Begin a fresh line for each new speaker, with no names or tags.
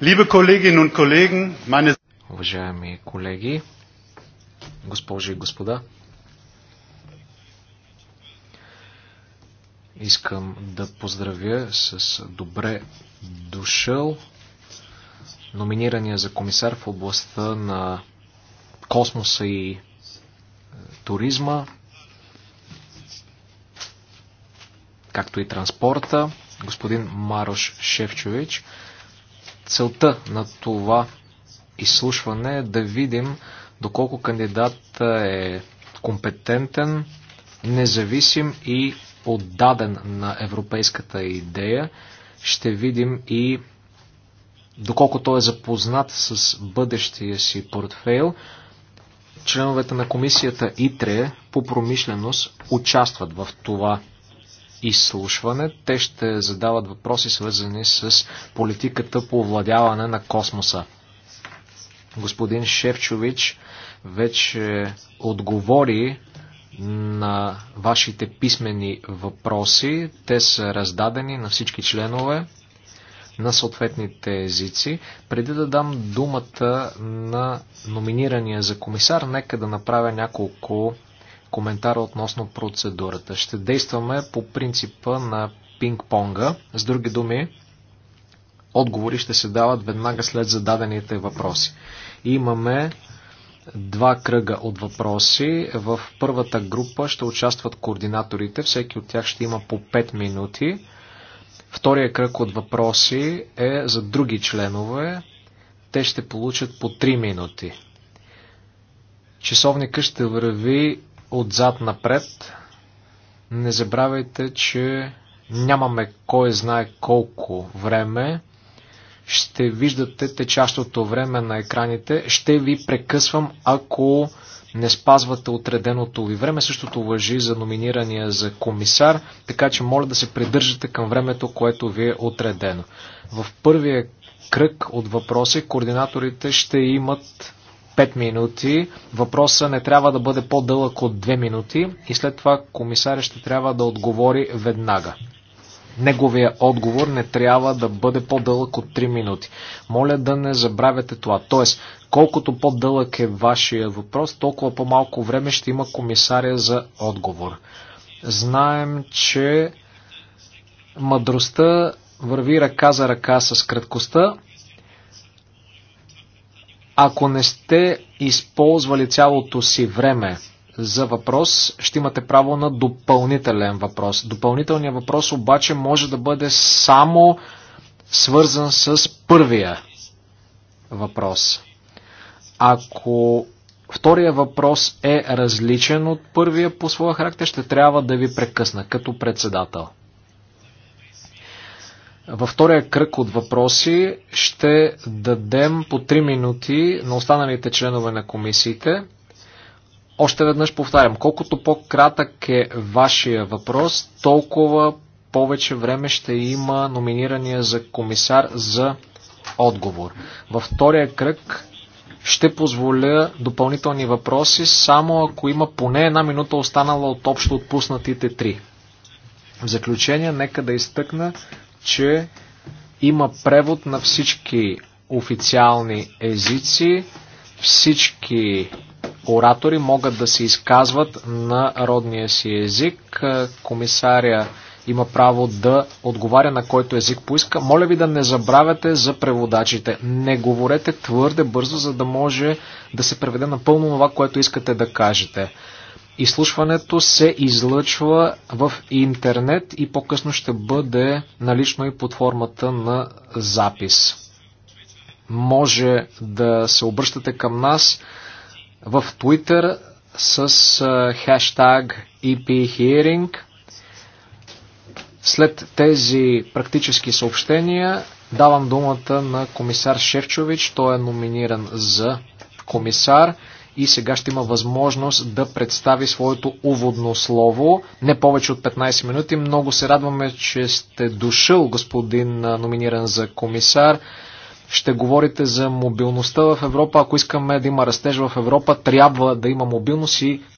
Liebe Kolleginnen und Kollegen, meine... Уважаеми колеги, госпожи и господа, искам да поздравя с добре дошъл номинирания за комисар в областта на космоса и туризма, както и транспорта, господин Марош Шевчович. Целта на това изслушване е да видим доколко кандидат е компетентен, независим и отдаден на европейската идея. Ще видим и доколко той е запознат с бъдещия си портфейл. Членовете на комисията ИТРЕ по промишленост участват в това изслушване. Те ще задават въпроси, свързани с политиката по овладяване на космоса. Господин Шевчович вече отговори на вашите писмени въпроси. Те са раздадени на всички членове на съответните езици. Преди да дам думата на номинирания за комисар, нека да направя няколко коментара относно процедурата. Ще действаме по принципа на пинг-понга. С други думи, отговори ще се дават веднага след зададените въпроси. Имаме два кръга от въпроси. В първата група ще участват координаторите. Всеки от тях ще има по 5 минути. Втория кръг от въпроси е за други членове. Те ще получат по 3 минути. Часовника ще върви отзад напред. Не забравяйте, че нямаме кой знае колко време. Ще виждате течащото време на екраните. Ще ви прекъсвам, ако не спазвате отреденото ви време. Същото въжи за номинирания за комисар, така че моля да се придържате към времето, което ви е отредено. В първия кръг от въпроси координаторите ще имат 5 минути. въпроса не трябва да бъде по-дълъг от 2 минути и след това комисаря ще трябва да отговори веднага. Неговия отговор не трябва да бъде по-дълъг от 3 минути. Моля да не забравяте това. Тоест, колкото по-дълъг е вашия въпрос, толкова по-малко време ще има комисаря за отговор. Знаем, че мъдростта върви ръка за ръка с краткостта, ако не сте използвали цялото си време за въпрос, ще имате право на допълнителен въпрос. Допълнителният въпрос обаче може да бъде само свързан с първия въпрос. Ако втория въпрос е различен от първия по своя характер, ще трябва да ви прекъсна като председател. Във втория кръг от въпроси ще дадем по 3 минути на останалите членове на комисиите. Още веднъж повтарям, колкото по-кратък е вашия въпрос, толкова повече време ще има номинирания за комисар за отговор. Във втория кръг ще позволя допълнителни въпроси, само ако има поне една минута останала от общо отпуснатите три. В заключение, нека да изтъкна, че има превод на всички официални езици. Всички оратори могат да се изказват на родния си език. Е, комисаря има право да отговаря на който език поиска. Моля ви да не забравяте за преводачите. Не говорете твърде бързо, за да може да се преведе напълно това, което искате да кажете. Изслушването се излъчва в интернет и по-късно ще бъде налично и под формата на запис. Може да се обръщате към нас в Twitter с хештаг EPHearing. След тези практически съобщения давам думата на комисар Шевчович. Той е номиниран за комисар и сега ще има възможност да представи своето уводно слово. Не повече от 15 минути. Много се радваме, че сте дошъл, господин номиниран за комисар. Ще говорите за мобилността в Европа. Ако искаме да има растеж в Европа, трябва да има мобилност и